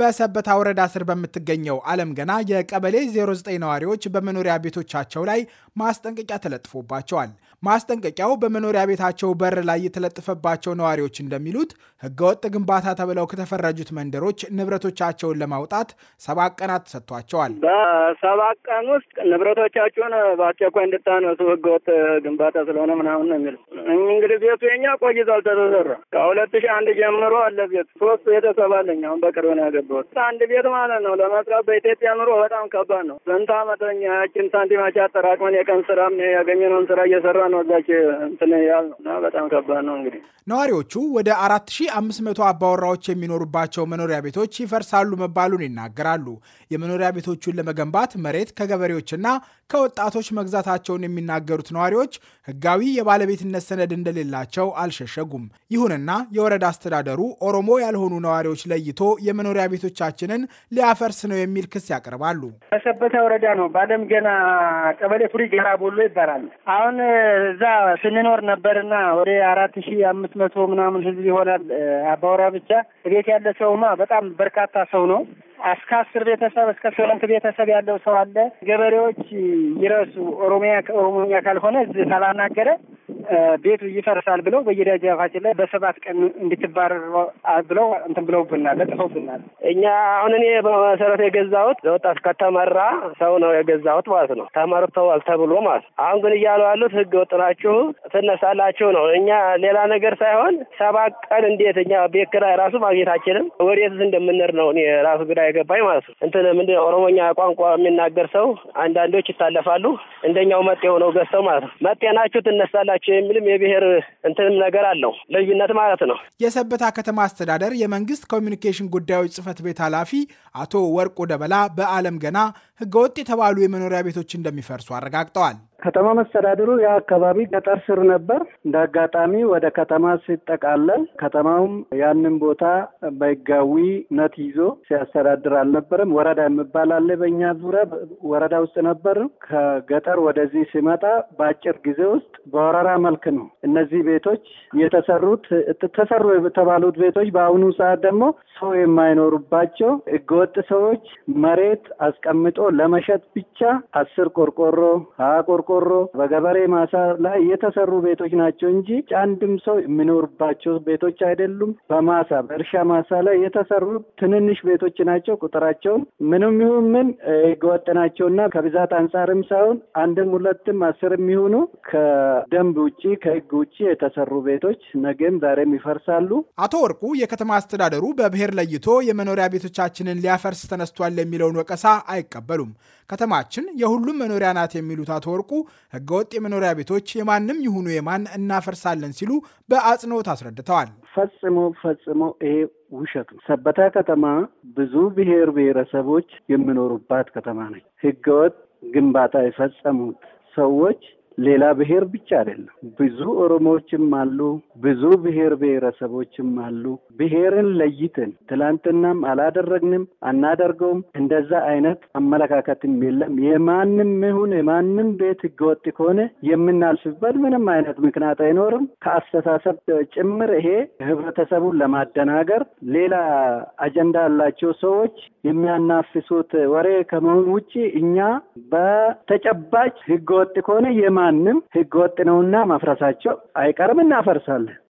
በሰበታ ወረዳ ስር በምትገኘው አለም ገና የቀበሌ 09 ነዋሪዎች በመኖሪያ ቤቶቻቸው ላይ ማስጠንቀቂያ ተለጥፎባቸዋል። ማስጠንቀቂያው በመኖሪያ ቤታቸው በር ላይ የተለጠፈባቸው ነዋሪዎች እንደሚሉት ህገወጥ ግንባታ ተብለው ከተፈረጁት መንደሮች ንብረቶቻቸውን ለማውጣት ሰባት ቀናት ተሰጥቷቸዋል። በሰባት ቀን ውስጥ ንብረቶቻችሁን በአስቸኳይ እንድታነሱ ህገወጥ ግንባታ ስለሆነ ምናምን ነው የሚሉት። እንግዲህ ቤቱ የኛ ቆይቷል፣ ተተሰራ ከሁለት ሺህ አንድ ጀምሮ አለ ቤት ሶስት ቤተሰብ አለኝ አሁን በቅርብ ነገር ያደረጉት አንድ ቤት ማለት ነው ለመስራት በኢትዮጵያ ኑሮ በጣም ከባድ ነው። ስንት አመት ያችን ሳንቲማችን አጠራቅመን የቀን ስራ ያገኘነውን ስራ እየሰራ ነው እዛች እንትን ያል ነው። በጣም ከባድ ነው። እንግዲህ ነዋሪዎቹ ወደ አራት ሺ አምስት መቶ አባወራዎች የሚኖሩባቸው መኖሪያ ቤቶች ይፈርሳሉ መባሉን ይናገራሉ። የመኖሪያ ቤቶቹን ለመገንባት መሬት ከገበሬዎችና ከወጣቶች መግዛታቸውን የሚናገሩት ነዋሪዎች ህጋዊ የባለቤትነት ሰነድ እንደሌላቸው አልሸሸጉም። ይሁንና የወረዳ አስተዳደሩ ኦሮሞ ያልሆኑ ነዋሪዎች ለይቶ የመኖሪያ ቤቶቻችንን ሊያፈርስ ነው የሚል ክስ ያቀርባሉ። በሰበታ ወረዳ ነው በአለም ገና ቀበሌ ቱሪ ገራ ቦሎ ይባላል። አሁን እዛ ስንኖር ነበርና ወደ አራት ሺ አምስት መቶ ምናምን ህዝብ ይሆናል አባወራ ብቻ ቤት ያለ ሰውማ በጣም በርካታ ሰው ነው። እስከ አስር ቤተሰብ እስከ ስምንት ቤተሰብ ያለው ሰው አለ። ገበሬዎች ይረሱ ኦሮሚያ ከኦሮሞኛ ካልሆነ እዚህ ካላናገረ ቤቱ ይፈርሳል ብለው በየደጃፋችን ላይ በሰባት ቀን እንድትባረር ብለው እንትን ብለውብናል፣ ለጥፈውብናል። እኛ አሁን እኔ በመሰረት የገዛሁት ለወጣት ከተመራ ሰው ነው የገዛሁት ማለት ነው። ተመርተዋል ተብሎ ማለት ነው። አሁን ግን እያሉ ያሉት ህገ ወጥ ናችሁ ትነሳላችሁ ነው። እኛ ሌላ ነገር ሳይሆን ሰባት ቀን እንዴት እኛ ቤት ኪራይ ራሱ ማግኘታችንም ወዴትስ እንደምንር ነው እኔ ራሱ ግራ የገባኝ ማለት ነው። እንትን ምንድን ኦሮሞኛ ቋንቋ የሚናገር ሰው አንዳንዶች ይታለፋሉ። እንደኛው መጤ የሆነው ገዝተው ማለት ነው። መጤ ናችሁ ትነሳላችሁ የሚልም የብሔር እንትንም ነገር አለው ልዩነት ማለት ነው። የሰበታ ከተማ አስተዳደር የመንግስት ኮሚኒኬሽን ጉዳዮች ጽህፈት ቤት ኃላፊ አቶ ወርቁ ደበላ በአለም ገና ህገወጥ የተባሉ የመኖሪያ ቤቶች እንደሚፈርሱ አረጋግጠዋል። ከተማ መስተዳድሩ ያ አካባቢ ገጠር ስር ነበር። እንደ አጋጣሚ ወደ ከተማ ሲጠቃለል ከተማውም ያንን ቦታ በህጋዊነት ይዞ ሲያስተዳድር አልነበረም። ወረዳ የሚባል አለ። በእኛ ዙሪያ ወረዳ ውስጥ ነበር። ከገጠር ወደዚህ ሲመጣ በአጭር ጊዜ ውስጥ በወረራ መልክ ነው እነዚህ ቤቶች የተሰሩት። ተሰሩ የተባሉት ቤቶች በአሁኑ ሰዓት ደግሞ ሰው የማይኖሩባቸው ህገወጥ ሰዎች መሬት አስቀምጦ ለመሸጥ ብቻ አስር ቆርቆሮ ሀያ ቆርቆሮ በቆርቆሮ በገበሬ ማሳ ላይ የተሰሩ ቤቶች ናቸው እንጂ አንድም ሰው የሚኖርባቸው ቤቶች አይደሉም። በማሳ በእርሻ ማሳ ላይ የተሰሩ ትንንሽ ቤቶች ናቸው። ቁጥራቸውን ምንም ይሁን ምን ህገወጥ ናቸውና ከብዛት አንጻርም ሳይሆን አንድም ሁለትም አስር የሚሆኑ ከደንብ ውጭ ከህግ ውጭ የተሰሩ ቤቶች ነገም ዛሬም ይፈርሳሉ። አቶ ወርቁ የከተማ አስተዳደሩ በብሔር ለይቶ የመኖሪያ ቤቶቻችንን ሊያፈርስ ተነስቷል የሚለውን ወቀሳ አይቀበሉም። ከተማችን የሁሉም መኖሪያ ናት የሚሉት አቶ ወርቁ ህገወጥ የመኖሪያ ቤቶች የማንም ይሁኑ የማን እናፈርሳለን ሲሉ በአጽንኦት አስረድተዋል። ፈጽሞ ፈጽሞ ይሄ ውሸት ነው። ሰበታ ከተማ ብዙ ብሔር ብሔረሰቦች የሚኖሩባት ከተማ ነች። ህገወጥ ግንባታ የፈጸሙት ሰዎች ሌላ ብሔር ብቻ አይደለም። ብዙ ኦሮሞዎችም አሉ፣ ብዙ ብሔር ብሔረሰቦችም አሉ። ብሔርን ለይትን ትላንትናም አላደረግንም አናደርገውም፣ እንደዛ አይነት አመለካከትም የለም። የማንም ይሁን የማንም ቤት ህገወጥ ከሆነ የምናልፍበት ምንም አይነት ምክንያት አይኖርም። ከአስተሳሰብ ጭምር ይሄ ህብረተሰቡን ለማደናገር ሌላ አጀንዳ ያላቸው ሰዎች የሚያናፍሱት ወሬ ከመሆን ውጭ እኛ በተጨባጭ ህገወጥ ከሆነ የማ ማንም ህገወጥ ነውና ማፍረሳቸው አይቀርም፣ እናፈርሳለን።